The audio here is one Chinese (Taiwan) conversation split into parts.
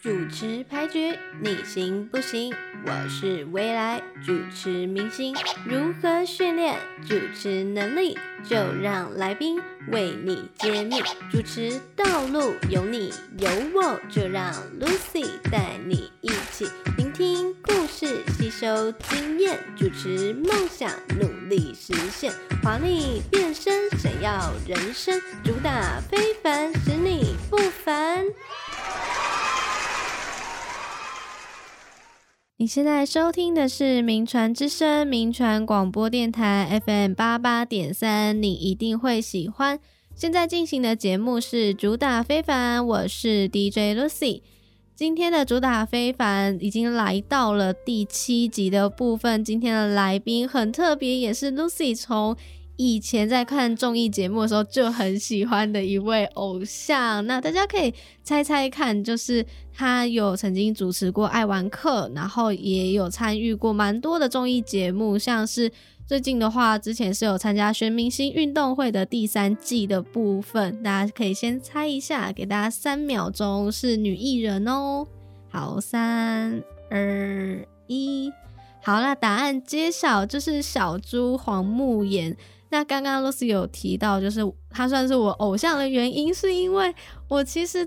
主持排局，你行不行？我是未來主持明星，如何訓練主持能力？就讓來賓為你揭秘。主持道路有你有我，就讓 Lucy 帶你一起聆聽故事，吸收經驗。主持夢想努力實現，華麗變身閃耀人生，主打非凡，使你不凡。你現在收聽的是《名傳之聲》名傳廣播電台 FM 八八點三，你一定會喜歡。現在進行的節目是主打非凡，我是 DJ Lucy。今天的主打非凡已經來到了第七集的部分，今天的來賓很特別，也是 Lucy 從以前在看綜藝節目的時候就很喜歡的一位偶像，那大家可以猜猜看，就是他有曾經主持過《愛玩客》，然後也有參與過蠻多的綜藝節目，像是最近的話，之前是有參加《全明星運動會》的第三季的部分，大家可以先猜一下，給大家三秒鐘，是女藝人哦。好，三二一，好啦，答案揭曉，就是小豬黃沐妍。那剛剛 Lucy 有提到，就是他算是我偶像的原因，是因為我其實在，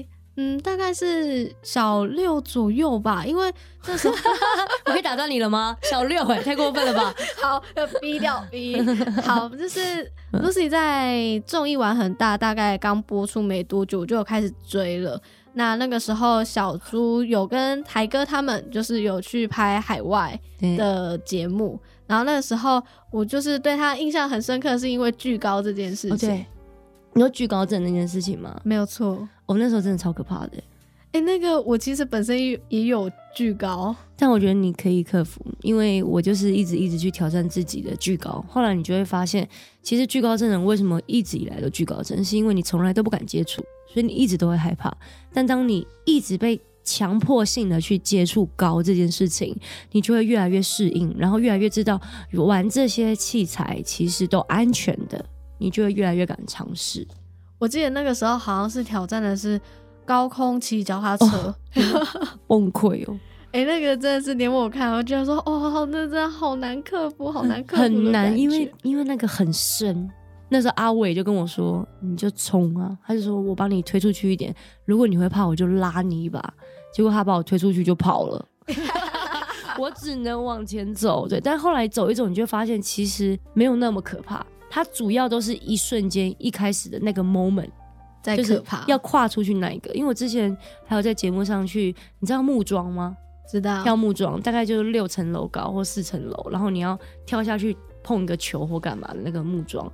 在嗯，大概是小六左右吧，因為那時候 我可以打斷你了嗎？小六，哎，太過分了吧？好，要 B 掉 B。 好，就是 Lucy 在《綜藝玩很大》大概剛播出沒多久，我就開始追了。那那個時候，小豬有跟台哥他們，就是有去拍海外的節目。然後那個時候，我就是對他印象很深刻，是因為懼高這件事情。Oh, 你有懼高症那件事情嗎？沒有錯，我、oh, 那時候真的超可怕的。哎，那個我其實本身也也有懼高，但我覺得你可以克服，因為我就是一直一直去挑戰自己的懼高。後來你就會發現，其實懼高症人為什麼一直以來都懼高症，是因為你從來都不敢接觸，所以你一直都會害怕。但當你一直被強迫性的去接觸高這件事情，你就會越來越適應，然後越來越知道玩這些器材其實都安全的，你就會越來越敢嘗試。我記得那個時候好像是挑戰的是高空騎腳踏車，崩潰哦，哎，那個真的是連我看，我覺得說，哦，那真的好難克服，好難克服，很難，因為因為那個很深。那時候阿偉就跟我說：“你就衝啊！”他就說：“我幫你推出去一點，如果你會怕，我就拉你一把。”結果他把我推出去就跑了， 我只能往前走。對，但後來走一走，你就發現其實沒有那麼可怕。它主要都是一瞬間一開始的那個 moment，在可怕，要跨出去那一個。因為我之前還有在節目上去，你知道木樁嗎？知道，跳木樁大概就是六層樓高或四層樓，然後你要跳下去碰一個球或幹嘛的那個木樁。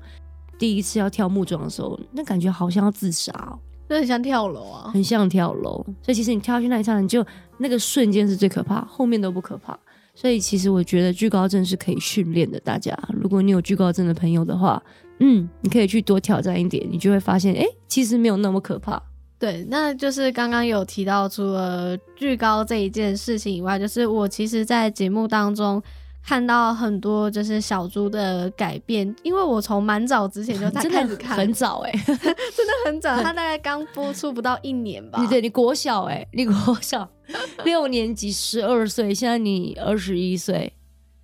第一次要跳木樁的時候，那感覺好像要自殺哦，那很像跳樓啊，很像跳樓。所以其實你跳下去那一剎，你就那個瞬間是最可怕，後面都不可怕。所以其實我覺得懼高症是可以訓練的，大家，如果你有懼高症的朋友的話，嗯，你可以去多挑戰一點，你就會發現，哎、欸，其實沒有那麼可怕。對，那就是剛剛有提到出，除了懼高這一件事情以外，就是我其實，在節目當中。看到很多就是小豬的改變，因為我從蠻早之前就在開始看，嗯、很早哎、欸， 真的很早，他大概剛播出不到一年吧。你對，你國小哎、欸，你國小 六年級十二歲，現在你二十一歲，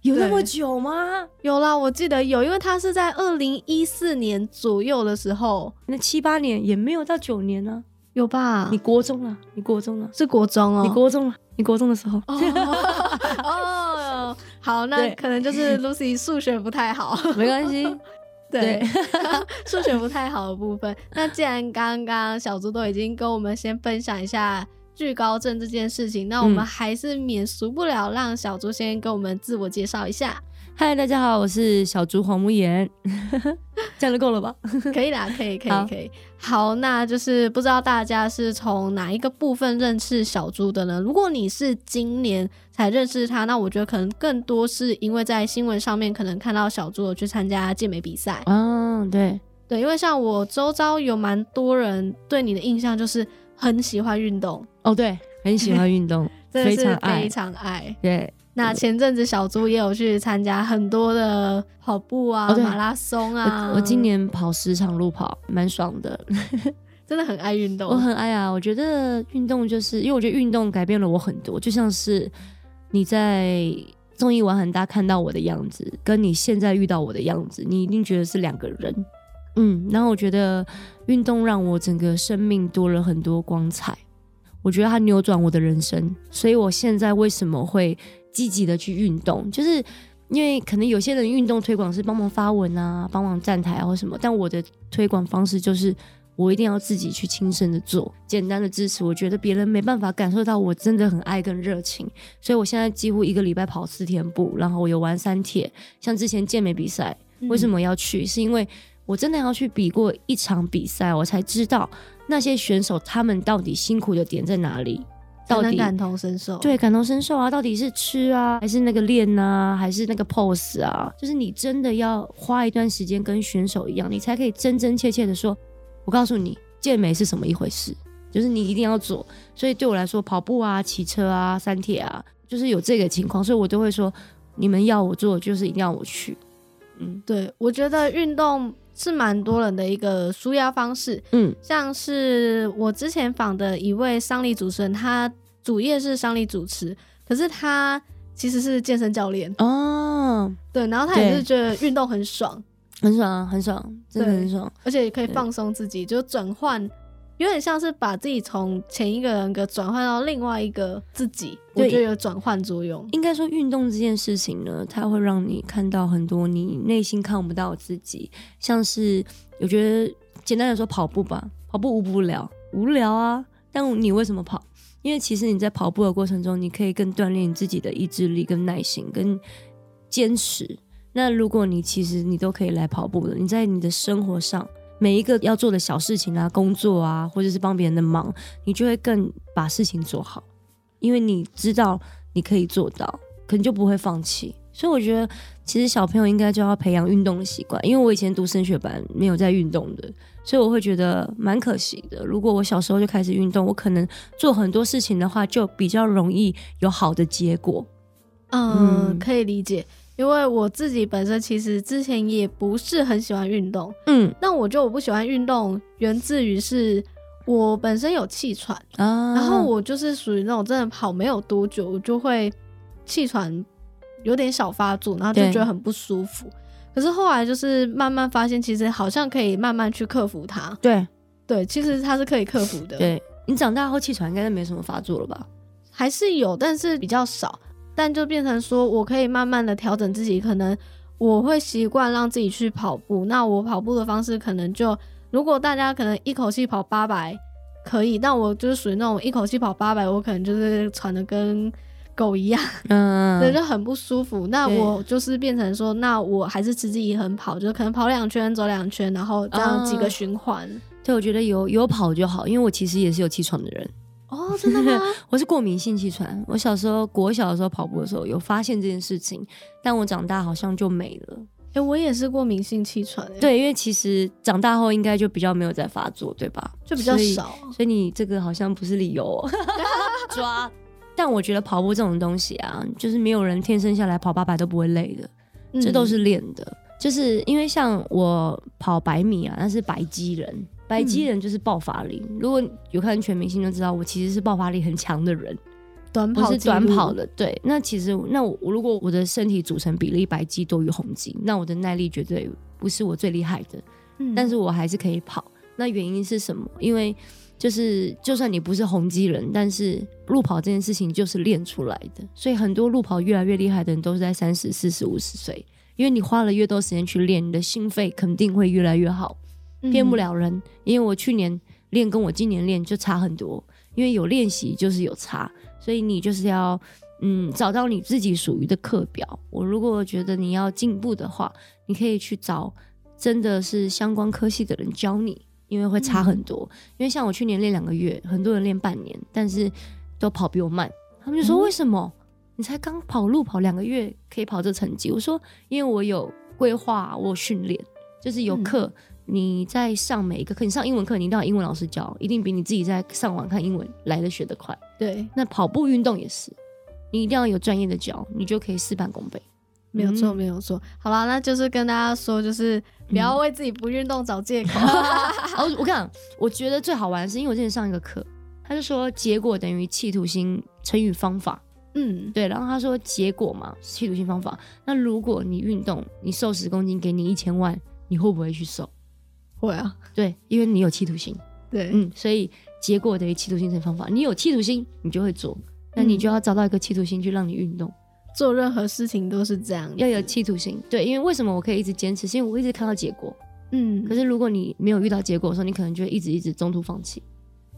有那麼久嗎？對有啦，我記得有，因為他是在二零一四年左右的時候，那七八年也沒有到九年呢、啊，有吧？你國中了，你國中了，是國中啊，你國中了、啊喔啊，你國中的時候。哦。Oh, oh, oh, oh. 好，那可能就是 Lucy 數學不太好，對 沒關係。對，數對 學不太好的部分。 那既然剛剛小豬都已經跟我們先分享一下懼高症這件事情，那我們還是免俗不了讓小豬先跟我們自我介紹一下。嗯。嗨，Hi, 大家好，我是小豬黃沐妍。 這樣就夠了吧？ 可以啦，可以，可以，好可以。好，那就是不知道大家是從哪一個部分認識小豬的呢？如果你是今年才認識他，那我覺得可能更多是因為在新聞上面可能看到小豬有去參加健美比賽。嗯、哦，對，對，因為像我周遭有蠻多人對你的印象就是很喜歡運動哦，對，很喜歡運動，非常 非常愛，對。那前陣子小豬也有去參加很多的跑步啊，oh, 對馬拉松啊。我今年跑十場路跑，蠻爽的。 真的很愛運動，我很愛啊！我覺得運動就是因為我覺得運動改變了我很多。就像是你在綜藝《玩很大》看到我的樣子，跟你現在遇到我的樣子，你一定覺得是兩個人。嗯，然後我覺得運動讓我整個生命多了很多光彩。我覺得它扭轉我的人生，所以我現在為什麼會積極的去運動，就是因為可能有些人運動推廣是幫忙發文啊，幫忙站台啊或什麼。但我的推廣方式就是，我一定要自己去親身的做，簡單的支持。我覺得別人沒辦法感受到我真的很愛跟熱情，所以我現在幾乎一個禮拜跑四天步，然後我有玩三鐵。像之前健美比賽，為什麼要去？嗯、是因為我真的要去比過一場比賽，我才知道那些選手他們到底辛苦的點在哪裡。到底感同身受，對，感同身受啊！到底是吃啊，還是那個練啊，還是那個 pose 啊？就是你真的要花一段時間跟選手一樣，你才可以真真切切的說，我告訴你，健美是什麼一回事，就是你一定要做。所以對我來說，跑步啊、騎車啊、三鐵啊，就是有這個情況，所以我都會說，你們要我做，就是一定要我去。嗯，對，我覺得運動。是蠻多人的一個舒壓方式，嗯，像是我之前訪的一位商力主持人，他主業是商力主持，可是他其實是健身教練哦。對，然後他也是覺得運動很爽，很爽，很爽，真的很爽，而且也可以放鬆自己，對就轉換。有點像是把自己從前一個人格轉換到另外一個自己，對我覺得有轉換作用。應該說，運動這件事情呢，它會讓你看到很多你內心看不到自己。像是我覺得簡單的說跑步吧，跑步無聊，無聊啊。但你為什麼跑？因為其實你在跑步的過程中，你可以更鍛鍊你自己的意志力、跟耐心、跟堅持。那如果你其實你都可以來跑步的，你在你的生活上。每一個要做的小事情啊，工作啊，或者是幫別人的忙，你就會更把事情做好，因為你知道你可以做到，可能就不會放棄。所以我覺得，其實小朋友應該就要培養運動的習慣。因為我以前讀升學班沒有在運動的，所以我會覺得蠻可惜的。如果我小時候就開始運動，我可能做很多事情的話，就比較容易有好的結果。呃、嗯，可以理解。因為我自己本身其實之前也不是很喜歡運動，嗯，但我覺得我不喜歡運動源自於是我本身有氣喘，啊，然後我就是屬於那種真的跑沒有多久我就會氣喘，有點小發作，然後就覺得很不舒服。對可是後來就是慢慢發現，其實好像可以慢慢去克服它。對對，其實它是可以克服的。對，你長大後氣喘應該沒什麼發作了吧？還是有，但是比較少。但就變成說，我可以慢慢的調整自己，可能我會習慣讓自己去跑步。那我跑步的方式可能就，如果大家可能一口氣跑八百可以，但我就是屬於那種一口氣跑八百，我可能就是喘的跟狗一樣，嗯，對， 就很不舒服。對那我就是變成說，那我還是持之以恆跑，就是可能跑兩圈，走兩圈，然後這樣幾個循環。就、嗯、我覺得有有跑就好，因為我其實也是有氣喘的人。哦，oh, 真的嗎？ 我是過敏性氣喘，我小時候國小的時候跑步的時候有發現這件事情，但我長大好像就沒了。哎、欸，我也是過敏性氣喘，對，因為其實長大後應該就比較沒有再發作，對吧？就比較少所，所以你這個好像不是理由、喔， 抓。 但我覺得跑步這種東西啊，就是沒有人天生下來跑八百都不會累的，這都是練的。嗯、就是因為像我跑百米啊，那是白肌人。白肌人，就是爆發力，嗯、如果有看全明星都知道，我其實是爆發力很強的人。短跑不是短跑的，對。那其實，那我，我如果我的身體組成比例白肌多於紅肌，那我的耐力絕對不是我最厲害的。嗯、但是我還是可以跑。那原因是什麼？因為就是，就算你不是紅肌人，但是路跑這件事情就是練出來的。所以很多路跑越來越厲害的人都是在三十、四十、五十歲，因為你花了越多時間去練，你的心肺肯定會越來越好。騙不了人，因為我去年練跟我今年練就差很多，因為有練習就是有差，所以你就是要嗯、找到你自己屬於的課表。我如果覺得你要進步的話，你可以去找真的是相關科系的人教你，因為會差很多。嗯、因為像我去年練兩個月，很多人練半年，但是都跑比我慢。他們就說、嗯、為什麼你才剛跑路跑兩個月可以跑這成績？我說因為我有規劃，我有訓練，就是有課。嗯你在上每一個課，你上英文課，你一定要英文老師教，一定比你自己在上網看英文來的學的快。對，那跑步運動也是，你一定要有專業的教，你就可以事半功倍。嗯、沒有錯，沒有錯。好啦，那就是跟大家說，就是不要為自己不運動找借口。我我講，我覺得最好玩的是，因為我之前上一個課，他就說結果等於企圖心乘以方法。嗯，對。然後他說結果嘛，企圖心方法。那如果你運動，你瘦十公斤，給你一千萬，你會不會去瘦？會啊，對，因為你有企圖心，對，嗯，所以結果等於企圖心這方法。你有企圖心，你就會做，嗯、那你就要找到一個企圖心去讓你運動。做任何事情都是這樣，要有企圖心。對，因為為什麼我可以一直堅持？是因為我一直看到結果。嗯，可是如果你沒有遇到結果的時候，你可能就會一直一直中途放棄，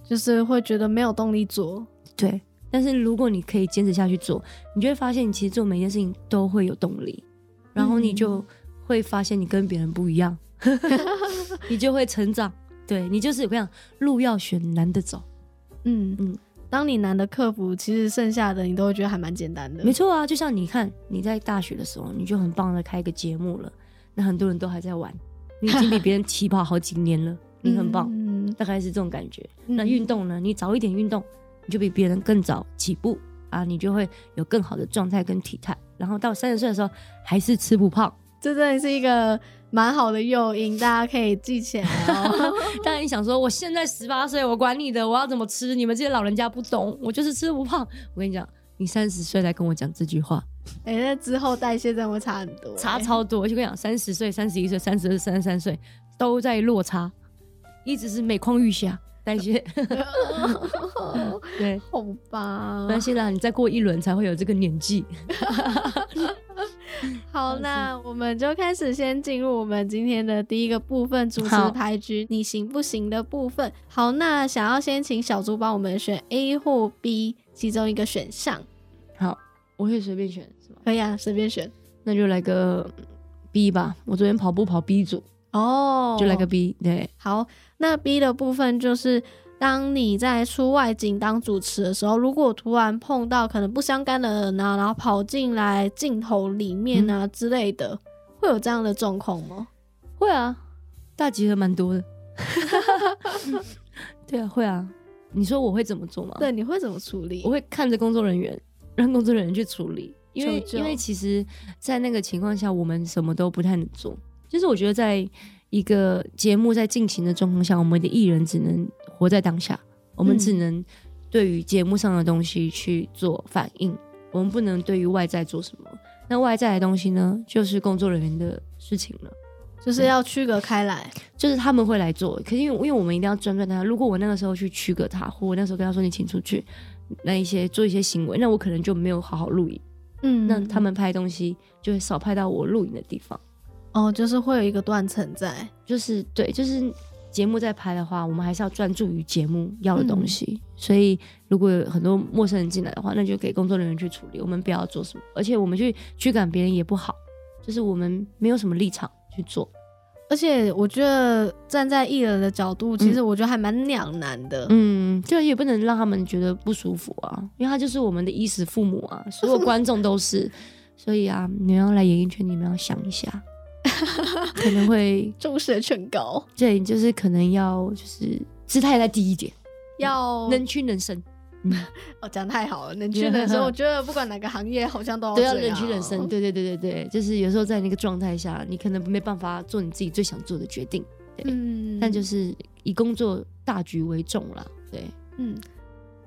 就是會覺得沒有動力做。對，但是如果你可以堅持下去做，你就會發現你其實做每件事情都會有動力，然後你就會發現你跟別人不一樣。嗯嗯。 你就會成長，對，你就是有這樣，路要選難的走。嗯嗯，嗯，當你難的克服，其實剩下的你都會覺得還蠻簡單的。沒錯啊，就像你看你在大學的時候，你就很棒的開一個節目了，那很多人都還在玩，你已經比別人起跑好幾年了， 你很棒，嗯，大概是這種感覺。嗯、那運動呢，你早一點運動，你就比別人更早起步啊，你就會有更好的狀態跟體態，然後到三十歲的時候還是吃不胖，這真的是一個。蠻好的誘因，大家可以記起來哦。 當然，你想說，我現在十八歲，我管你的，我要怎麼吃？你們這些老人家不懂，我就是吃不胖。我跟你講，你三十歲來跟我講這句話，哎、欸，那之後代謝真的會差很多、欸，差超多。我就跟你講，三十歲、三十一歲、三十二、三十三歲都在落差，一直是每況愈下。代謝， 對，好吧，啊。那現在你再過一輪才會有這個年紀。哈哈哈。好是，那我們就開始先進入我們今天的第一個部分——主持牌局，好你行不行的部分？好，那想要先請小豬幫我們選 A 或 B 其中一個選項。好，我可以隨便選，是嗎？可以啊，隨便選。那就來個 B 吧，我昨天跑步跑 B 組。哦，就來個 B 對，好，那 B 的部分就是當你在出外景當主持的時候，如果突然碰到可能不相干的人啊，然後跑進來鏡頭裡面啊之類的，嗯、會有這樣的狀況嗎？會啊，大集合蠻多的。 對啊，會啊。你說我會怎麼做嗎？對，你會怎麼處理？我會看着工作人員，讓工作人員去處理，因為因為其實，在那個情況下，我們什麼都不太能做。就是我覺得，在一個節目在進行的狀況下，我們的藝人只能活在當下，我們只能對於節目上的東西去做反應。嗯、我們不能對於外在做什麼。那外在的東西呢，就是工作人員的事情了，就是要區隔開來，嗯，就是他們會來做。可是因為因為我們一定要專專注當下，如果我那個時候去區隔他，或我那個時候跟他說你請出去，那一些做一些行為，那我可能就沒有好好錄影，嗯，那他們拍東西就會少拍到我錄影的地方。哦，oh, 就是會有一個斷層在，就是對，就是節目在拍的話，我們還是要專注於節目要的東西。嗯、所以，如果有很多陌生人進來的話，那就給工作人員去處理，我們不要做什麼。而且，我們去驅趕別人也不好，就是我們沒有什麼立場去做。而且，我覺得站在藝人的角度，其實我覺得還蠻兩難的。嗯，就也不能讓他們覺得不舒服啊，因為他就是我們的衣食父母啊，所有觀眾都是。 所以啊，你要來演藝圈，你們要想一下。 可能會重視的唇膏，對，就是可能要就是姿態再低一點，要能屈能伸。哦，講得太好了，能屈能伸。 我覺得不管哪個行業，好像都要能屈能伸。對對對對對，就是有時候在那個狀態下，你可能沒辦法做你自己最想做的決定。對嗯，但就是以工作大局為重了。對，嗯。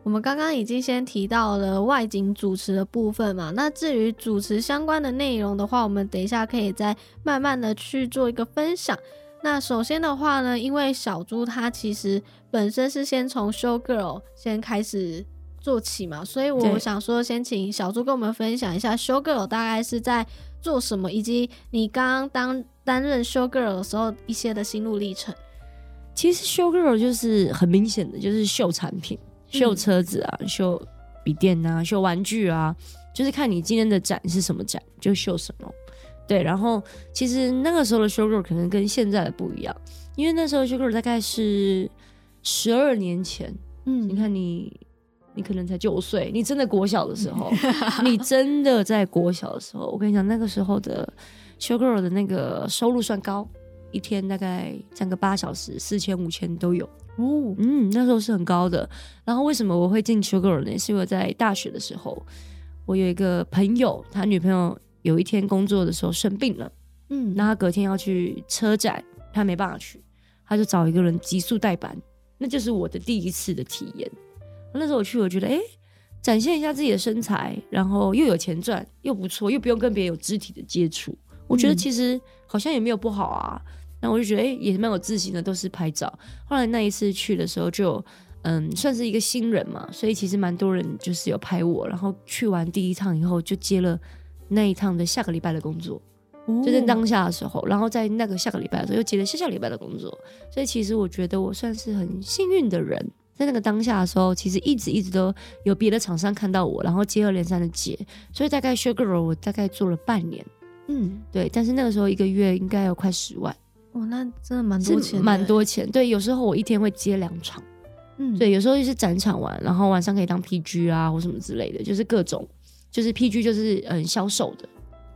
我們剛剛已經先提到了外景主持的部分嘛。那至於主持相關的內容的話，我們等一下可以再慢慢的去做一個分享。那首先的話呢，因為小豬他其實本身是先從 Show Girl 先開始做起嘛，所以我想說，先請小豬跟我們分享一下 Show Girl 大概是在做什麼，以及你剛剛當擔任 Show Girl 的時候一些的心路歷程。其實 Show Girl 就是很明顯的就是秀產品。秀車子啊，秀筆電啊，秀玩具啊，就是看你今天的展是什麼展，就秀什麼。對，然後其實那個時候的 show girl 可能跟現在的不一樣，因為那時候 show girl 大概是十二年前，嗯，你看你你可能才九歲，你真的國小的時候， 你真的在國小的時候，我跟你講那個時候的 show girl 的那個收入算高。一天大概站個八小時，四千、五千都有哦。嗯，那時候是很高的。然後為什麼我會進 Show Girl 呢？是因為在大學的時候，我有一個朋友，他女朋友有一天工作的時候生病了。嗯，那他隔天要去車展，他沒辦法去，他就找一個人急速代班，那就是我的第一次的體驗。那時候我去，我覺得哎、欸，展現一下自己的身材，然後又有錢賺，又不錯，又不用跟別人有肢體的接觸，我覺得其實、嗯、好像也沒有不好啊。那我就覺得哎、欸，也蠻有自信的，都是拍照。後來那一次去的時候就，就嗯，算是一個新人嘛，所以其實蠻多人就是有拍我。然後去完第一趟以後，就接了那一趟的下個禮拜的工作，哦、就在當下的時候。然後在那個下個禮拜的時候，又接了下下禮拜的工作。所以其實我覺得我算是很幸運的人，在那個當下的時候，其實一直一直都有別的廠商看到我，然後接二連三的接。所以大概 show girl，我大概做了半年。嗯，對。但是那個時候一個月應該要快十萬。哇、哦，那真的蠻多錢，蠻多錢。對，有時候我一天會接兩場，嗯，對，有時候就是展場玩，然後晚上可以當 PG 啊，或什麼之類的，就是各種，就是 PG 就是嗯銷售的，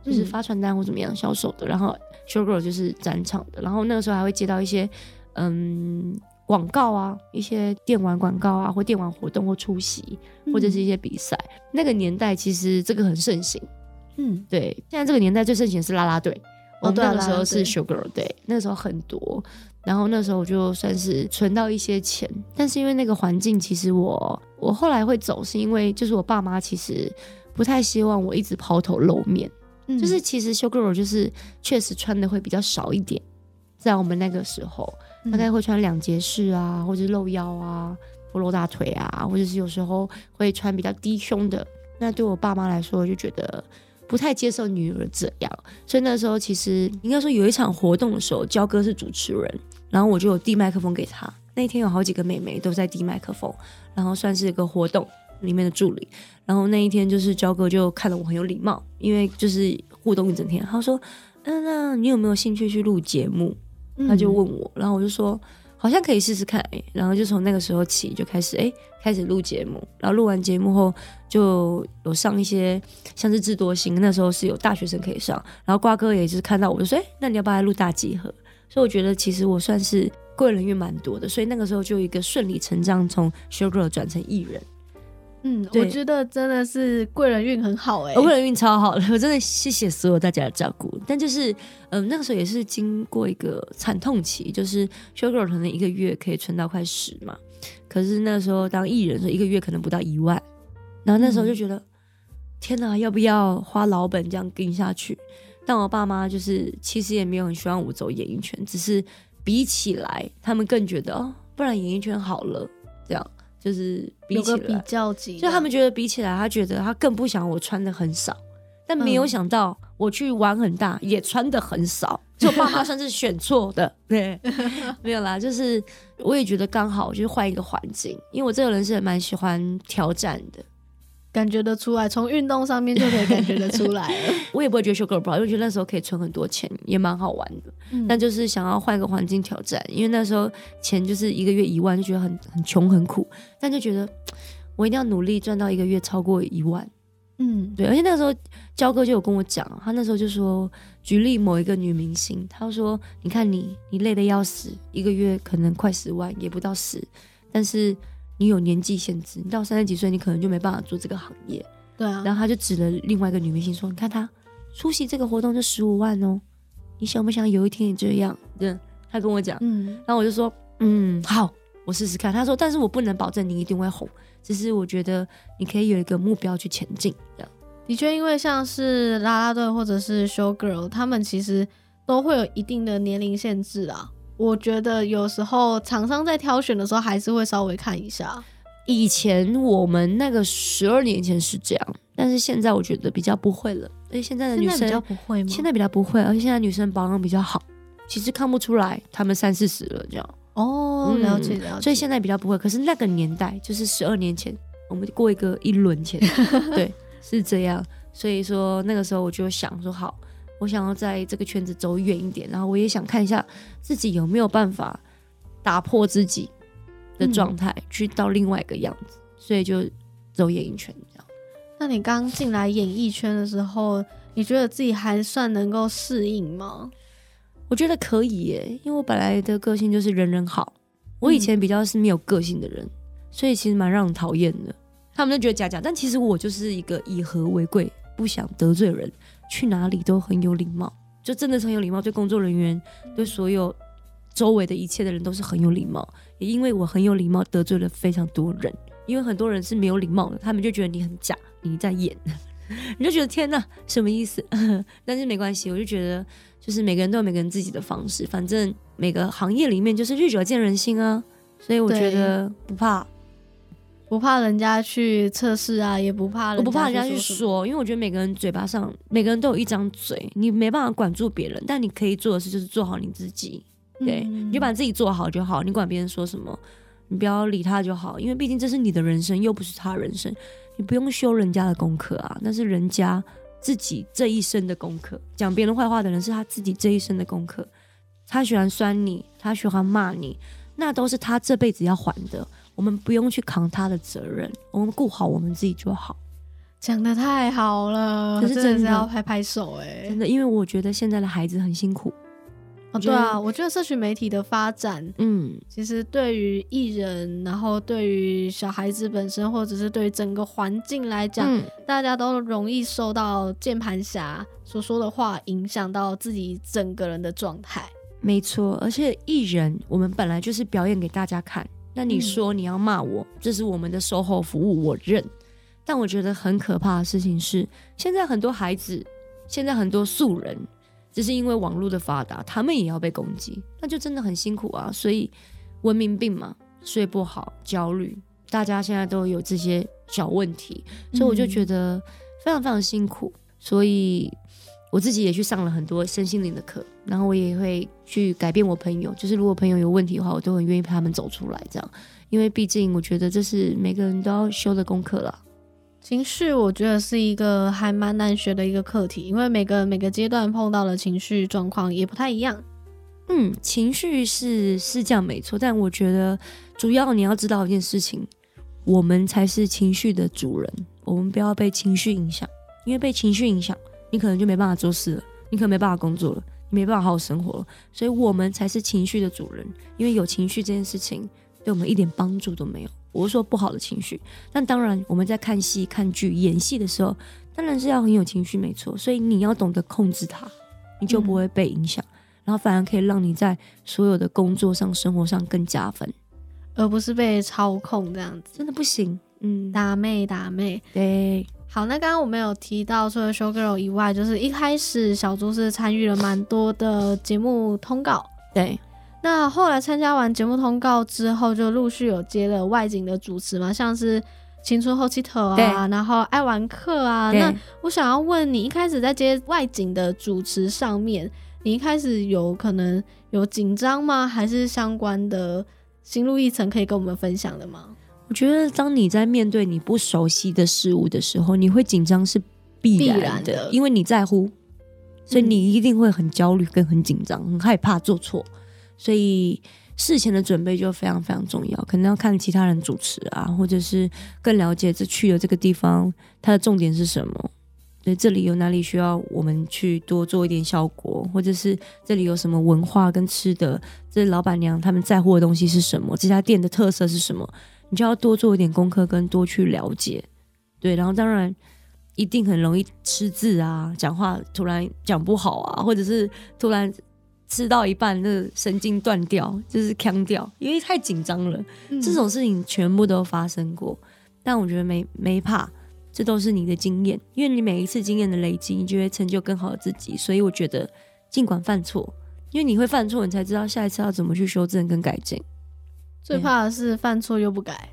就是發傳單或怎麼樣銷售的，然後 show girl 就是展場的，然後那個時候還會接到一些嗯廣告啊，一些電玩廣告啊或電玩活動或出席或者是一些比賽，嗯、那個年代其實這個很盛行，嗯，對，現在這個年代最盛行是啦啦隊。我那個時候是 show girl，對，對，那個時候很多，然後那時候我就算是存到一些錢，但是因為那個環境，其實我我後來會走，是因為就是我爸媽其實不太希望我一直拋頭露面，嗯、就是其實 show girl 就是確實穿的會比較少一點，在我們那個時候、嗯、大概會穿兩截式啊，或者露腰啊，不露大腿啊，或者是有時候會穿比較低胸的，那對我爸媽來說，我就覺得。不太接受女兒這樣，所以那時候其實應該說有一場活動的時候，焦哥是主持人，然後我就有遞麥克風給他。那一天有好幾個妹妹都在遞麥克風，然後算是一個活動裡面的助理。然後那一天就是焦哥就看得我很有禮貌，因為就是互動一整天。他說：“嗯、呃，那你有沒有興趣去錄節目？”他就問我，嗯、然後我就說。好像可以試試看，欸，哎，然後就從那個時候起就開始，哎，欸，開始錄節目，然後錄完節目後就有上一些像是智多星，那時候是有大學生可以上，然後瓜哥也就是看到我就說，誒，欸，那你要不要來錄大集合？所以我覺得其實我算是貴人運蠻多的，所以那個時候就一個順理成章從 Sugar 轉成藝人。嗯，對我覺得真的是貴人運很好，哎、欸，哦，貴人運超好的，我真的謝謝所有大家的照顧。但就是，嗯，那個時候也是經過一個慘痛期，就是 showgirl 可能一個月可以存到快十嘛，可是那時候當藝人的時候一個月可能不到一萬，然後那時候就覺得，嗯、天哪、啊，要不要花老本這樣跟下去？但我爸媽就是其實也沒有很希望我走演藝圈，只是比起來他們更覺得，哦，不然演藝圈好了這樣。就是比起來，比較緊，就他們覺得比起來，他覺得他更不想我穿的很少，但沒有想到我去玩很大、嗯、也穿的很少，就爸爸算是選錯的， 對， 沒有啦，就是我也覺得剛好，就換一個環境，因為我這個人是蠻喜歡挑戰的，感覺得出來，從運動上面就可以感覺得出來。 我也不會覺得 Show Girl 不好，因為覺得那時候可以存很多錢，也蠻好玩的。那就是想要換個環境挑戰，嗯、因為那時候錢就是一個月一萬，就覺得很很窮很苦，但就覺得我一定要努力賺到一個月超過一萬。嗯，對。而且那時候焦哥就有跟我講，他那時候就說，舉例某一個女明星，他說：“你看你，你累得要死，一個月可能快十萬也不到十，但是你有年紀限制，你到三十幾歲，你可能就沒辦法做這個行業。”對啊。然後他就指着另外一個女明星說：“你看她出席這個活動就十五萬哦。”你想不想有一天也這樣？對，他跟我講，嗯，然後我就說，嗯，好，我試試看。他說，但是我不能保證你一定會紅，只是我覺得你可以有一個目標去前進。這樣的確，因為像是啦啦隊或者是 show girl，他們其實都會有一定的年齡限制啦。我覺得有時候廠商在挑選的時候還是會稍微看一下。以前我們那個十二年前是這樣，但是現在我覺得比較不會了。所以現在的女生比較不會嗎？現在比較不會，而且現在女生保養比較好，其實看不出來他們三四十了這樣。哦、嗯了，了解了解。所以現在比較不會，可是那個年代就是十二年前，我們過一個一輪前。 對，是這樣。所以說那個時候我就想說，好，我想要在這個圈子走遠一點，然後我也想看一下自己有沒有辦法打破自己。的狀態、嗯、去到另外一個樣子，所以就走演藝圈這樣。那你剛進來演藝圈的時候，你覺得自己還算能夠適應嗎？我覺得可以耶、欸，因為我本來的個性就是人人好。我以前比較是沒有個性的人，嗯、所以其實蠻讓人討厭的，他們都覺得假假。但其實我就是一個以和為貴，不想得罪人，去哪裡都很有禮貌，就真的是很有禮貌，對工作人員，對所有周圍的一切的人都是很有禮貌。也因為我很有禮貌，得罪了非常多人。因為很多人是沒有禮貌的，他們就覺得你很假，你在演， 你就覺得天吶，什麼意思？ 但是沒關係，我就覺得就是每個人都有每個人自己的方式，反正每個行業裡面就是日久見人心啊，所以我覺得不怕，不怕人家去測試啊，也不怕，我不怕人家去說，因為我覺得每個人嘴巴上，每個人都有一張嘴，你沒辦法管住別人，但你可以做的事就是做好你自己。對，你就把自己做好就好，你管別人說什麼，你不要理他就好，因為畢竟這是你的人生，又不是他人生，你不用修人家的功課啊，那是人家自己這一生的功課。講別人壞話的人是他自己這一生的功課，他喜歡酸你，他喜歡罵你，那都是他這輩子要還的，我們不用去扛他的責任，我們顧好我們自己就好。講得太好了，可是真的，真的是要拍拍手哎、欸，真的，因為我覺得現在的孩子很辛苦。對啊，我覺得社群媒體的發展，嗯，其實對於藝人，然後對於小孩子本身，或者是對於整個環境來講，嗯，大家都容易受到鍵盤俠所說的話影響到自己整個人的狀態。沒錯，而且藝人我們本來就是表演給大家看，那你說你要罵我，這是我們的售後服務，我認。但我覺得很可怕的事情是，現在很多孩子，現在很多素人。只是因為網絡的發達，他們也要被攻擊，那就真的很辛苦啊。所以，文明病嘛，睡不好、焦慮，大家現在都有這些小問題，嗯、哼所以我就覺得非常非常辛苦。所以，我自己也去上了很多身心靈的課，然後我也會去改變我朋友。就是如果朋友有問題的話，我都很願意陪他們走出來，這樣，因為畢竟我覺得這是每個人都要修的功課啦。情緒，我覺得是一個還蠻難學的一個課題，因為每個每個階段碰到的情緒狀況也不太一樣。嗯，情緒是是這樣沒錯，但我覺得主要你要知道一件事情，我們才是情緒的主人，我們不要被情緒影響，因為被情緒影響，你可能就沒辦法做事了，你可能沒辦法工作了，你沒辦法好好生活了。所以我們才是情緒的主人，因為有情緒這件事情，對我們一點幫助都沒有。我是說不好的情緒，但當然我們在看戲、看劇、演戲的時候，當然是要很有情緒，沒錯。所以你要懂得控制它，你就不會被影響，嗯、然後反而可以讓你在所有的工作上、生活上更加分，而不是被操控這樣子，真的不行。嗯，打妹打妹，對。好，那剛剛我們有提到，除了 Show Girl 以外，就是一開始小豬是參與了蠻多的節目通告，對。那後來參加完節目通告之後，就陸續有接了外景的主持嘛，像是《青春好7淘》啊，對然後《愛玩客》啊。對那我想要問你，一開始在接外景的主持上面，你一開始有可能有緊張嗎？還是相關的心路歷程可以跟我們分享的嗎？我覺得，當你在面對你不熟悉的事物的時候，你會緊張是必然的，必然的，因為你在乎，所以你一定會很焦慮跟很緊張，嗯、很害怕做錯。所以事前的準備就非常非常重要，可能要看其他人主持啊，或者是更了解這去的這個地方它的重點是什麼，對，這裡有哪裡需要我們去多做一點效果，或者是這裡有什麼文化跟吃的，這老闆娘他們在乎的東西是什麼，這家店的特色是什麼？你就要多做一點功課跟多去了解，對，然後當然一定很容易吃字啊，講話突然講不好啊，或者是突然。吃到一半就、那個、神經斷掉，就是扛掉，因為太緊張了。嗯、這種事情全部都發生過，但我覺得沒沒怕，這都是你的經驗。因為你每一次經驗的累積，你就會成就更好的自己。所以我覺得，儘管犯錯，因為你會犯錯，你才知道下一次要怎麼去修正跟改進。Yeah. 最怕的是犯錯又不改，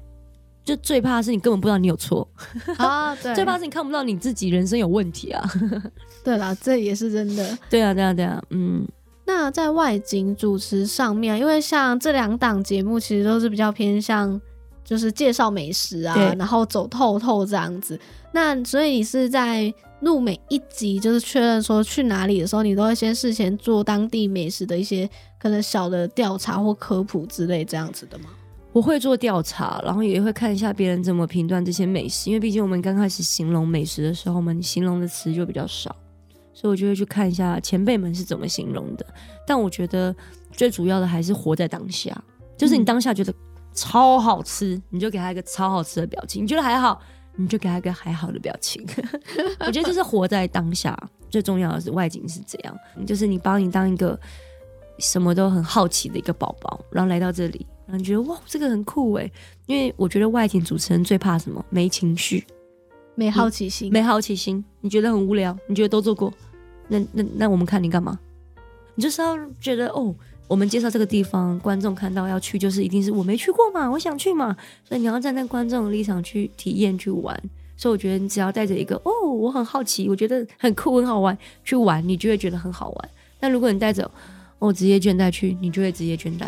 就最怕的是你根本不知道你有錯啊！ oh, 對，最怕是你看不到你自己人生有問題啊！ 對啦，這也是真的對、啊。對啊，對啊，對啊，嗯。那在外景主持上面，因為像這兩檔節目其實都是比較偏向就是介紹美食啊，欸、然後走透透這樣子。那所以你是在錄每一集就是確認說去哪裡的時候，你都會先事先做當地美食的一些可能小的調查或科普之類這樣子的嗎？我會做調查，然後也會看一下別人怎麼評斷這些美食，因為畢竟我們剛開始形容美食的時候嘛，你形容的詞就比較少。所以我就會去看一下前輩們是怎麼形容的，但我覺得最主要的還是活在當下，就是你當下覺得超好吃，嗯、你就給他一個超好吃的表情；你覺得還好，你就給他一個還好的表情。 我覺得就是活在當下 最重要的是外景是怎樣，就是你幫你當一個什麼都很好奇的一個寶寶，然後來到這裡，然後你覺得哇，這個很酷誒，因為我覺得外景主持人最怕什麼？沒情緒，沒好奇心，沒好奇心。你覺得很無聊？你覺得都做過？那那那我們看你幹嘛？你就是要覺得哦，我們介紹這個地方，觀眾看到要去，就是一定是我沒去過嘛，我想去嘛，所以你要站在觀眾的立場去體驗去玩。所以我覺得你只要帶着一個哦，我很好奇，我覺得很酷很好玩去玩，你就會覺得很好玩。那如果你帶着哦，職業倦怠去，你就會職業倦怠。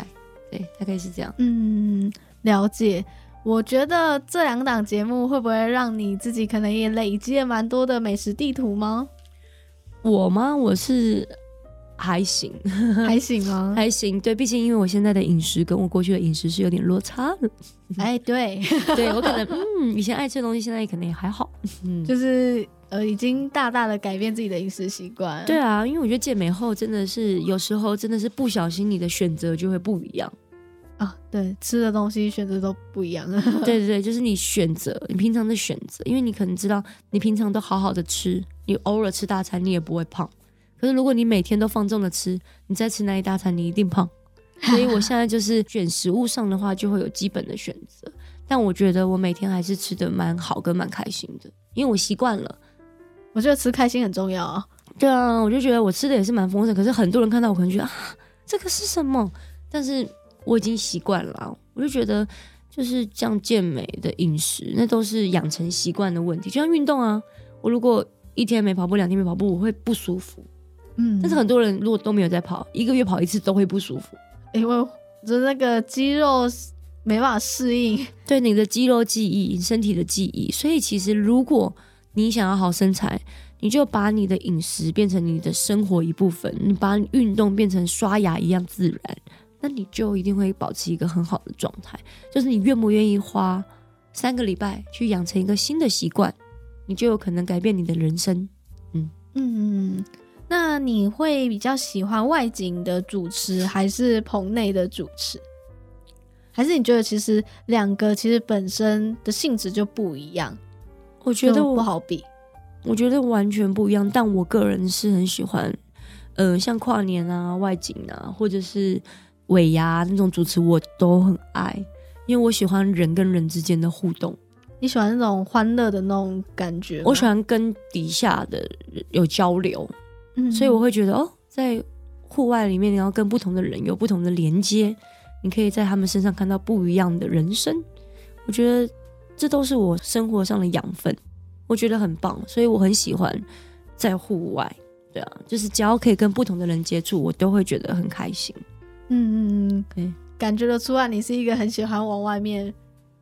對，大概是這樣。嗯，了解。我覺得這兩檔節目會不會讓你自己可能也累積了蠻多的美食地圖嗎？我嗎？我是還行， 還行嗎？還行，對，畢竟因為我現在的飲食跟我過去的飲食是有點落差的。哎、 欸，對， 對我可能嗯，以前愛吃的東西，現在也可能也還好， 就是呃，已經大大的改變自己的飲食習慣。對啊，因為我覺得健美後真的是有時候真的是不小心，你的選擇就會不一樣啊。對，吃的東西選擇都不一樣了。 對對對，就是你選擇，你平常的選擇，因為你可能知道你平常都好好的吃。你偶爾吃大餐，你也不會胖。可是如果你每天都放縱的吃，你再吃那一大餐，你一定胖。所以我現在就是選食物上的話，就會有基本的選擇。但我覺得我每天還是吃的蠻好跟蠻開心的，因為我習慣了。我覺得吃開心很重要啊。對啊，我就覺得我吃的也是蠻豐盛。可是很多人看到我，可能覺得啊，這個是什麼？但是我已經習慣了。我就覺得就是這樣健美的飲食，那都是養成習慣的問題。就像運動啊，我如果。一天沒跑步，兩天沒跑步，我會不舒服。嗯，但是很多人如果都沒有在跑，一個月跑一次都會不舒服，因為、欸、就那個肌肉沒辦法適應。對，你的肌肉記憶，身體的記憶。所以其實如果你想要好身材，你就把你的飲食變成你的生活一部分，你把你運動變成刷牙一樣自然，那你就一定會保持一個很好的狀態。就是你願不願意花三個禮拜去養成一個新的習慣？你就有可能改變你的人生，嗯嗯嗯。那你會比較喜歡外景的主持，還是棚內的主持？ 還是你覺得其實兩個其實本身的性質就不一樣？我覺得我不好比，我覺得完全不一樣。但我個人是很喜歡，呃，像跨年啊、外景啊，或者是尾牙、啊、那種主持，我都很愛，因為我喜歡人跟人之間的互動。你喜歡那種歡樂的那種感覺。我喜歡跟底下的人有交流，嗯哼哼，所以我會覺得哦，在戶外裡面，你要跟不同的人有不同的連接，你可以在他們身上看到不一樣的人生。我覺得這都是我生活上的養分，我覺得很棒，所以我很喜歡在戶外。對啊，就是只要可以跟不同的人接觸，我都會覺得很開心。嗯嗯嗯，可以對感覺得出來、啊，你是一個很喜歡往外面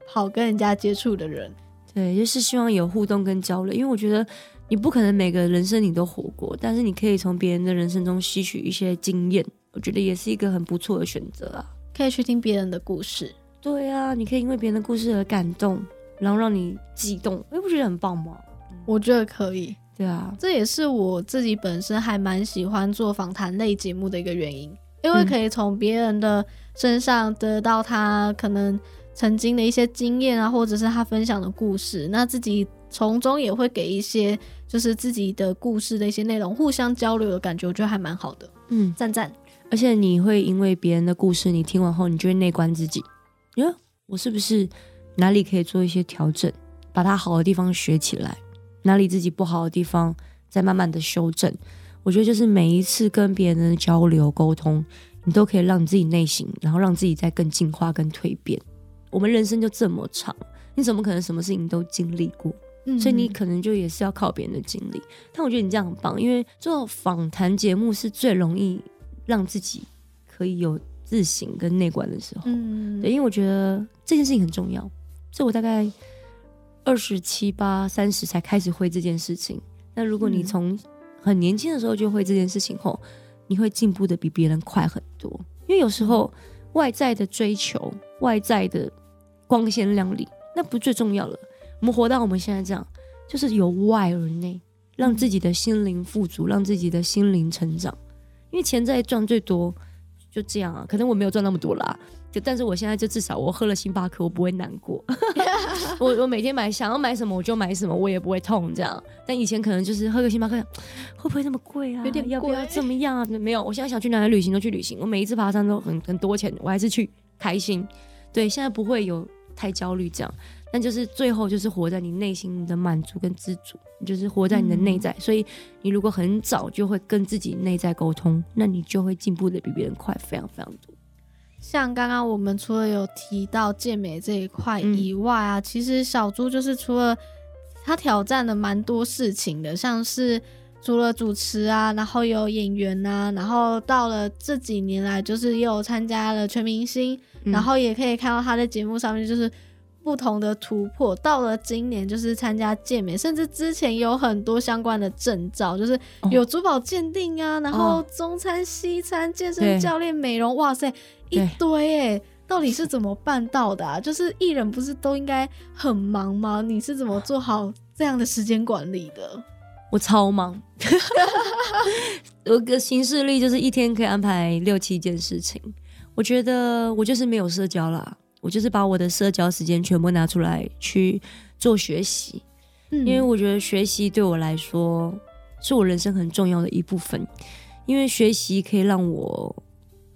好跟人家接觸的人，對，就是希望有互動跟交流，因為我覺得你不可能每個人生你都活過，但是你可以從別人的人生中吸取一些經驗，我覺得也是一個很不錯的選擇啊。可以去聽別人的故事，對啊，你可以因為別人的故事而感動，然後讓你激動，你不覺得很棒嗎？嗯、我覺得可以，對啊，這也是我自己本身還蠻喜歡做訪談類節目的一個原因，因為可以從別人的身上得到他、嗯、可能。曾經的一些經驗啊，或者是他分享的故事，那自己從中也會給一些就是自己的故事的一些內容，互相交流的感覺，我覺得還蠻好的。嗯，贊贊。而且你會因為別人的故事，你聽完後，你就會內觀自己，我是不是哪裡可以做一些調整，把它好的地方學起來，哪裡自己不好的地方再慢慢的修正。我覺得就是每一次跟別人的交流溝通，你都可以讓自己內心，然後讓自己再更進化、更蛻變。我們人生就這麼長，你怎麼可能什麼事情都經歷過？嗯、所以你可能就也是要靠別人的經歷。但我覺得你這樣很棒，因為做訪談節目是最容易讓自己可以有自省跟內觀的時候。嗯、對，因為我覺得這件事情很重要，就我大概二十七八、三十才開始會這件事情。那如果你從很年輕的時候就會這件事情後，嗯、你會進步得比別人快很多。因為有時候外在的追求、外在的光鮮亮麗，那不最重要了。我們活到我們現在這樣，就是由外而內，讓自己的心靈富足，讓自己的心靈成長。因為錢在賺最多，就這樣啊。可能我沒有賺那麼多啦，就但是我現在就至少我喝了星巴克，我不會難過。 我我每天買，想要買什麼我就買什麼，我也不會痛這樣。但以前可能就是喝個星巴克，會不會那麼貴啊？有點貴，要不要怎麼樣啊？沒有，我現在想去哪裡旅行都去旅行。我每一次爬山都很很多錢，我還是去開心。對，現在不會有。太焦慮，這樣，那就是最後就是活在你內心的滿足跟自主，就是活在你的內在。嗯、所以，你如果很早就會跟自己內在溝通，那你就會進步得比別人快，非常非常多。像剛剛我們除了有提到健美這一塊以外啊，嗯、其實小豬就是除了他挑戰了蠻多事情的，像是除了主持啊，然後有演員啊，然後到了這幾年來，就是又參加了全明星。然後也可以看到他在節目上面就是不同的突破，到了今年就是參加健美，甚至之前有很多相關的證照，就是有珠寶鑑定啊，哦、然後中餐、西餐、哦、健身教練、美容，對哇塞，一堆哎，對到底是怎麼辦到的啊？就是藝人不是都應該很忙嗎？你是怎麼做好這樣的時間管理的？我超忙，我 個行事曆就是一天可以安排六七件事情。我覺得我就是沒有社交啦，我就是把我的社交時間全部拿出來去做學習，嗯、因為我覺得學習對我來說是我人生很重要的一部分，因為學習可以讓我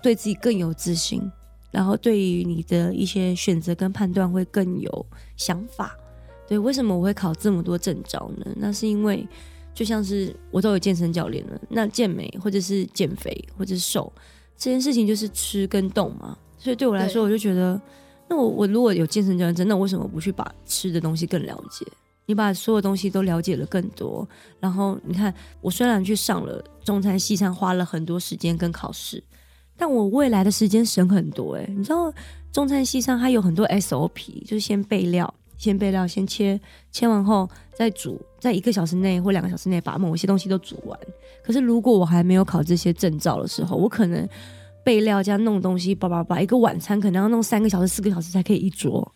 對自己更有自信，然後對於你的一些選擇跟判斷會更有想法。對，為什麼我會考這麼多證照呢？那是因為就像是我都有健身教練了，那健美或者是減肥或者是瘦。這件事情就是吃跟動嘛，所以對我來說，我就覺得，對那我我如果有健身教練證，那為什麼不去把吃的東西更了解？你把所有東西都了解了更多，然後你看，我雖然去上了中餐西餐，花了很多時間跟考試，但我未來的時間省很多哎、欸。你知道，中餐西餐它有很多 SOP，就是先備料，先備料，先切，切完後再煮。在一個小時內或兩個小時內把某些東西都煮完。可是，如果我還沒有考這些證照的時候，我可能備料、加弄東西，叭叭叭，一個晚餐可能要弄三個小時、四個小時才可以一桌。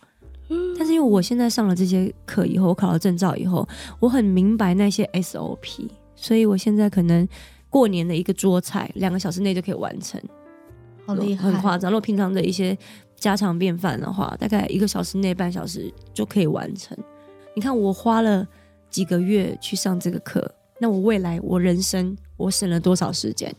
但是，因為我現在上了這些課以後，我考了證照以後，我很明白那些 SOP，所以我現在可能過年的一個桌菜，兩個小時內就可以完成，好厲害，很誇張。如果平常的一些家常便飯的話，大概一個小時內、半小時就可以完成。你看，我花了。幾個月去上這個課，那我未來我人生我省了多少時間？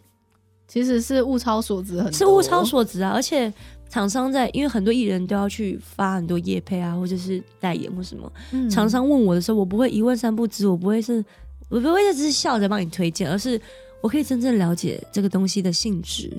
其實是物超所值很，哦，是物超所值啊！而且廠商在，因為很多藝人都要去發很多業配啊，或者是代言或什麼，嗯、廠商問我的時候，我不會一問三不知，我不會是，我不會只是笑着幫你推薦，而是我可以真正了解這個東西的性質，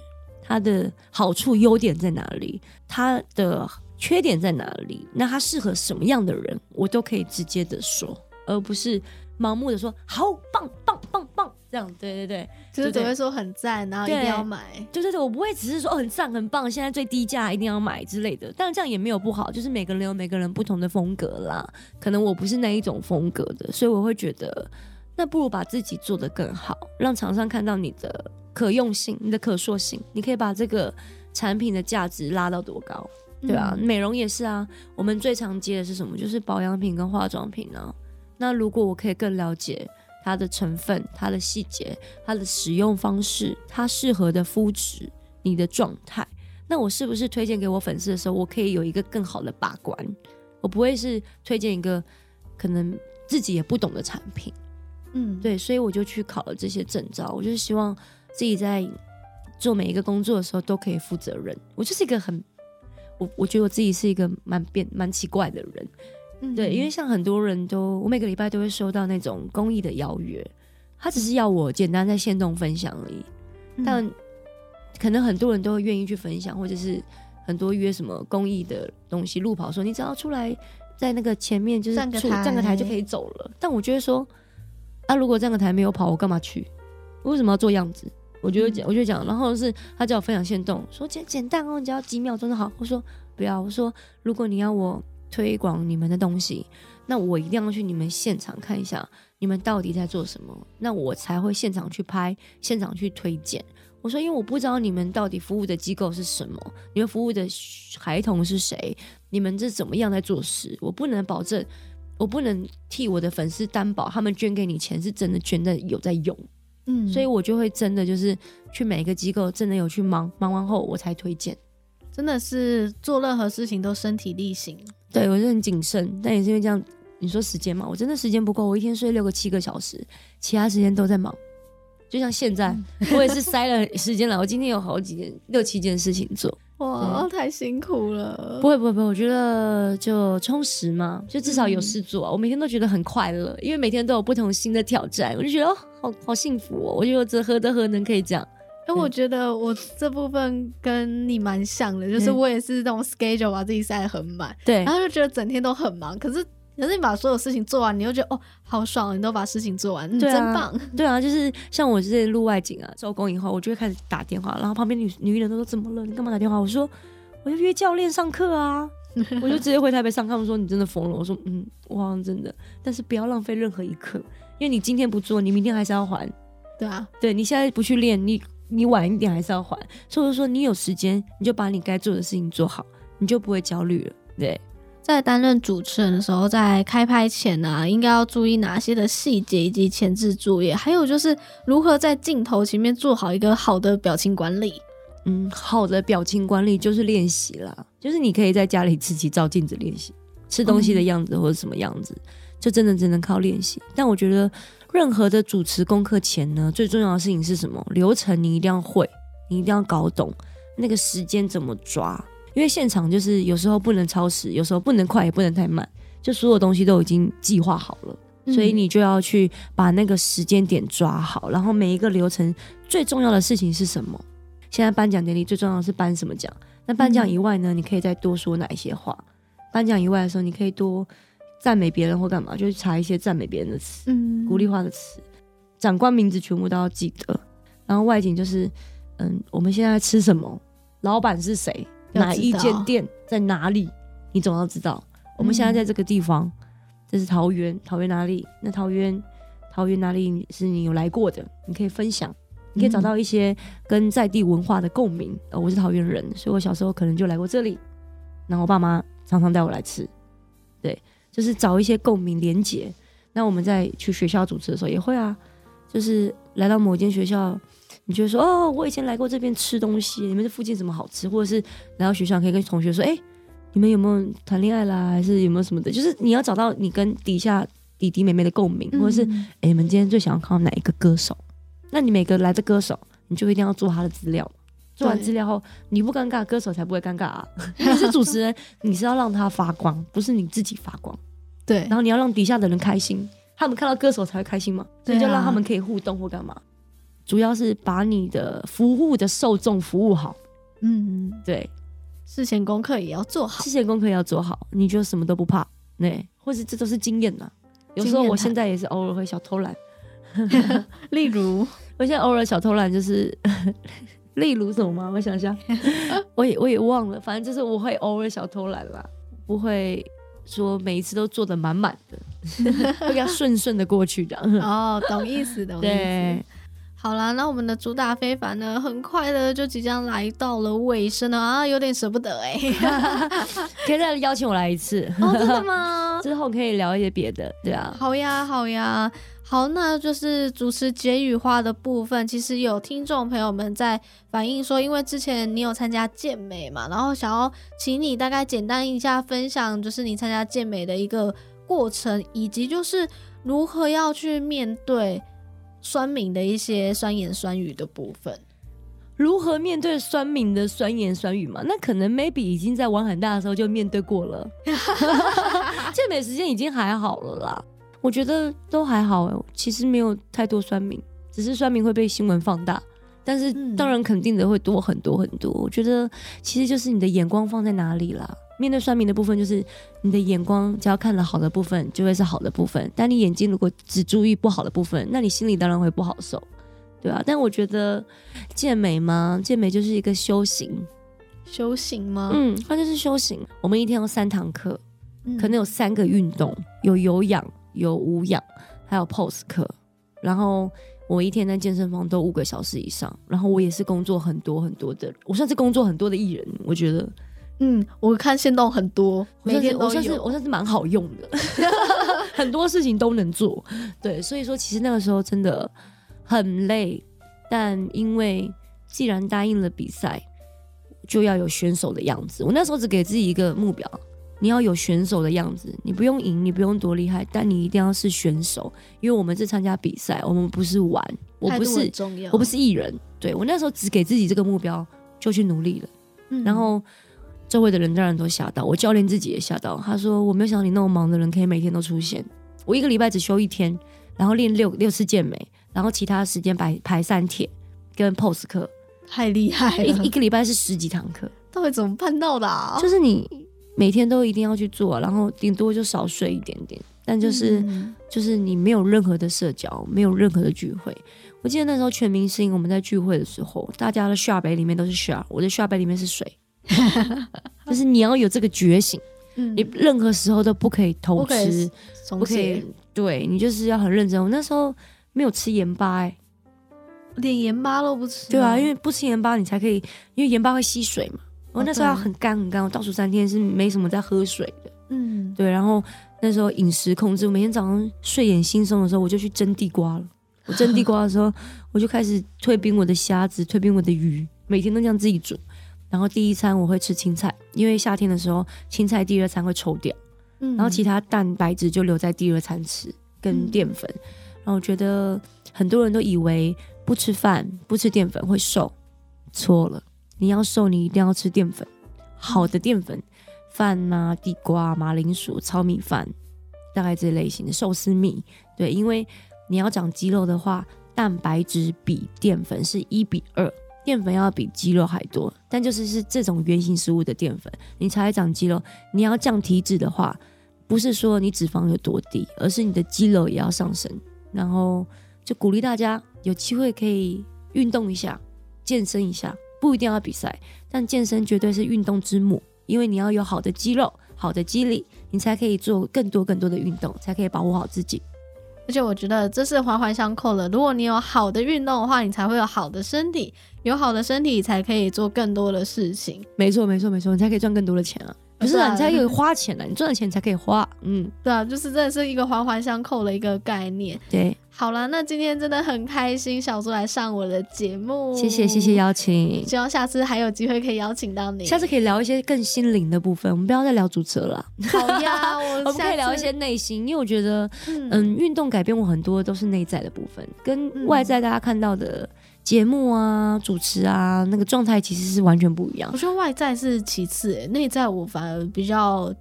它的好處、優點在哪裡，它的缺點在哪裡，那它適合什麼樣的人，我都可以直接的說。而不是盲目的說好棒棒棒棒，棒這樣，對對對，就是總會說很讚，然後一定要買，對就是我不會只是說很讚很棒，現在最低價一定要買之類的。但是這樣也沒有不好，就是每個人有每個人不同的風格啦，可能我不是那一種風格的，所以我會覺得那不如把自己做得更好，讓廠商看到你的可用性、你的可塑性，你可以把這個產品的價值拉到多高，嗯、對吧、啊，美容也是啊，我們最常接的是什麼？就是保養品跟化妝品啊。那如果我可以更了解它的成分、它的細節、它的使用方式、它適合的膚質、你的狀態，那我是不是推薦給我粉絲的時候，我可以有一個更好的把關？我不會是推薦一個可能自己也不懂的產品。嗯，對，所以我就去考了這些證照，我就希望自己在做每一個工作的時候都可以負責任。我就是一個很……我我覺得我自己是一個蠻變，蠻奇怪的人。對，因為像很多人都，我每個禮拜都會收到那種公益的邀約，他只是要我簡單在限動分享而已。嗯、但可能很多人都會願意去分享，或者是很多約什麼公益的東西路跑說，說你只要出來在那個前面就是站個台站個台就可以走了。但我就會說，啊，如果站個台沒有跑，我幹嘛去？我為什麼要做樣子？我就會講，嗯、我就講，然後是他叫我分享限動，說簡簡單哦，你只要幾秒鐘就好。我說不要，我說如果你要我推廣你們的東西，那我一定要去你們現場看一下，你們到底在做什麼，那我才會現場去拍，現場去推薦。我說，因為我不知道你們到底服務的機構是什麼，你們服務的孩童是誰，你們是怎麼樣在做事，我不能保證，我不能替我的粉絲擔保，他們捐給你錢是真的捐的，有在用，嗯，所以我就會真的就是去每一個機構，真的有去忙，忙完後我才推薦。真的是做任何事情都身體力行，對，我就很謹慎，但也是因為這樣，你說時間嘛，我真的時間不夠，我一天睡六個七個小時，其他時間都在忙。就像現在，嗯、我也是塞了時間了， 我今天有好幾件六七件事情做，哇，嗯、太辛苦了。不會不會不會，我覺得就充實嘛，就至少有事做、啊，嗯、我每天都覺得很快樂，因為每天都有不同新的挑戰，我就覺得哦，好好幸福哦，我覺得何德何能可以這樣。因為我覺得我這部分跟你蠻像的，嗯、就是我也是那種 schedule 把自己塞得很滿，對，然後就覺得整天都很忙。可是，可是你把所有事情做完，你又覺得哦，好爽，哦，你都把事情做完，啊，你真棒。對啊，就是像我這些錄外景啊，收工以後，我就會開始打電話，然後旁邊女女人都說，怎麼了？你幹嘛打電話？我說我要約教練上課啊， 我就直接回台北上課。我說你真的瘋了？我說嗯，哇，真的。但是不要浪費任何一刻，因為你今天不做，你明天還是要還。對啊，對你現在不去練，你。你晚一點還是要還，所以就說你有時間，你就把你該做的事情做好，你就不會焦慮了。對，在擔任主持人的時候，在開拍前啊，應該要注意哪些的細節以及前置作業，還有就是如何在鏡頭前面做好一個好的表情管理。嗯，好的表情管理就是練習啦，就是你可以在家裡自己照鏡子練習吃東西的樣子或者什麼樣子，嗯、就真的只能靠練習。但我覺得。任何的主持功課前呢，最重要的事情是什麼？流程你一定要會，你一定要搞懂那個時間怎麼抓，因為現場就是有時候不能超時，有時候不能快也不能太慢，就所有東西都已經計劃好了，所以你就要去把那個時間點抓好。嗯、哼然後每一個流程最重要的事情是什麼？現在頒獎典禮最重要的是頒什麼獎？那頒獎以外呢，嗯、哼你可以再多說哪一些話？頒獎以外的時候，你可以多。讚美別人或幹嘛，就去查一些讚美別人的詞，鼓勵、嗯、化的詞。長官名字全部都要記得。然後外景就是，嗯，我們現在吃什麼？老板是誰？哪一間店在哪裡？你總要知道。嗯、我們現在在這個地方，這是桃園，桃園哪裡？那桃園，桃園哪裡是你有來過的？你可以分享，嗯、你可以找到一些跟在地文化的共鳴。哦，我是桃園人，所以我小時候可能就來過這裡。然後我爸媽常常帶我來吃，對。就是找一些共鳴連接，那我們在去學校主持的時候也會啊，就是來到某間學校，你就說哦，我以前來過這邊吃東西，你們這附近什麼好吃，或者是來到學校可以跟同學說，哎、欸，你們有沒有談戀愛啦，還是有沒有什麼的，就是你要找到你跟底下弟弟妹妹的共鳴，嗯、或者是誒、欸、你們今天最想要看到哪一個歌手，那你每個來的歌手，你就一定要做他的資料。對做完資料後，你不尷尬，歌手才不會尷尬啊！你 是主持人，你是要讓他發光，不是你自己發光。對，然後你要讓底下的人開心，他們看到歌手才會開心嘛。你就讓他們可以互動或幹嘛？啊、主要是把你的服務的受眾服務好。嗯，嗯，對，事前功課也要做好，事前功課也要做好，你就什麼都不怕。對，或是這都是經驗呢。有時候我現在也是偶爾會小偷懶， 例如 我現在偶爾小偷懶就是。 例如什麼嗎？我想想，我也我也忘了。反正就是我會偶爾小偷懶啦，不會說每一次都做得滿滿的， 會比較順順的過去的。哦，懂意思的。懂意思對，好啦，那我們的主打非凡呢，很快的就即將來到了尾聲啊，有點舍不得哎、欸，可以再邀請我來一次？哦，真的嗎？之後可以聊一些別的，對啊。好呀，好呀。好，那就是主持解語花的部分。其實有聽眾朋友們在反映說，因為之前你有參加健美嘛，然後想要請你大概簡單一下分享，就是你參加健美的一個過程，以及就是如何要去面對酸民的一些酸言酸語的部分。如何面對酸民的酸言酸語嘛？那可能 maybe 已經在玩很大的時候就面對過了。 健美時間已經還好了啦。我覺得都還好耶，其實沒有太多酸民，只是酸民會被新聞放大。但是當然肯定的會多很多很多。嗯、我覺得其實就是你的眼光放在哪裡啦。面對酸民的部分，就是你的眼光只要看了好的部分，就會是好的部分。但你眼睛如果只注意不好的部分，那你心裡當然會不好受，對啊，但我覺得健美嗎？健美就是一個修行，修行嗎？嗯，它、啊、就是修行。我們一天有三堂課，可能有三個運動，嗯、有有氧。有無氧，還有 pose 課，然後我一天在健身房都五個小時以上，然後我也是工作很多很多的，我算是工作很多的藝人，我覺得，嗯，我看線動很多，每天我算是，我算是蠻好用的， 很多事情都能做，對，所以說其實那個時候真的很累，但因為既然答應了比賽，就要有選手的樣子，我那時候只給自己一個目標。你要有選手的樣子，你不用贏，你不用多厲害，但你一定要是選手，因為我們是參加比賽，我們不是玩。我不是我不是藝人。對，我那時候只給自己這個目標就去努力了，嗯、然後周圍的人當然都嚇到，我教練自己也嚇到。他說：“我沒有想到你那麼忙的人可以每天都出現，我一個禮拜只休一天，然後練六六次健美，然後其他時間排排三鐵跟 pose 課，太厲害了！一一個禮拜是十幾堂課，到底怎麼辦到的啊？就是你。”每天都一定要去做，然後頂多就少睡一點點，但就是嗯嗯嗯，就是你沒有任何的社交，沒有任何的聚會。我記得那時候全明星，我們在聚會的時候，大家的 share 杯裡面都是 share，我的 share 杯裡面是水。 就是你要有這個覺醒，嗯、你任何時候都不可以偷吃，不可、不可以，對，你就是要很認真。我那時候沒有吃鹽巴、欸，連鹽巴都不吃。對啊，因為不吃鹽巴，你才可以，因為鹽巴會吸水嘛。我那時候要很乾很乾，我倒數三天是沒什麼在喝水的。嗯，對。然後那時候飲食控制，我每天早上睡眼惺忪的時候，我就去蒸地瓜了。我蒸地瓜的時候，呵呵，我就開始退冰我的蝦子，退冰我的魚，每天都這樣自己煮。然後第一餐我會吃青菜，因為夏天的時候青菜第二餐會臭掉。嗯，然後其他蛋白質就留在第二餐吃跟澱粉。嗯，然後我覺得很多人都以為不吃飯不吃澱粉會瘦，錯了。你要瘦，你一定要吃澱粉，好的澱粉，飯啊，地瓜、馬鈴薯、糙米飯，大概這類型的壽司米。對，因為你要長肌肉的話，蛋白質比澱粉是一比二，澱粉要比肌肉還多。但就是是這種原型食物的澱粉，你才長肌肉。你要降體脂的話，不是說你脂肪有多低，而是你的肌肉也要上升。然後就鼓勵大家有機會可以運動一下，健身一下。不一定要比賽，但健身絕對是運動之母，因為你要有好的肌肉、好的肌力，你才可以做更多更多的運動，才可以保護好自己。而且我覺得這是環環相扣的，如果你有好的運動的話，你才會有好的身體，有好的身體才可以做更多的事情。沒錯，沒錯，沒錯，你才可以賺更多的錢啊！哦，對啊，不是啊，你才可以花錢呢。你賺的錢才可以花。嗯，對啊，就是這是一個環環相扣的一個概念。對。好啦，那今天真的很開心，小豬來上我的節目，謝謝謝謝邀請，希望下次還有機會可以邀請到你，下次可以聊一些更心靈的部分，我們不要再聊主持了，好呀、Oh yeah， 我們可以聊一些內心，因為我覺得，嗯，運、嗯、動改變我很多都是內在的部分，跟外在大家看到的節目啊、嗯、主持啊那個狀態其實是完全不一樣。我覺得外在是其次、欸，內在我反而比較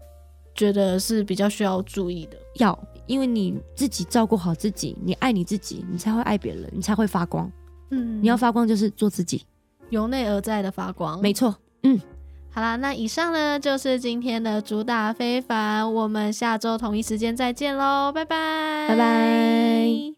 覺得是比較需要注意的，要。因為你自己照顧好自己，你愛你自己，你才會愛別人，你才會發光。嗯，你要發光就是做自己，由內而外的發光，沒錯。嗯，好啦，那以上呢就是今天的主打非凡，我們下週同一時間再見嘍，拜拜，拜拜。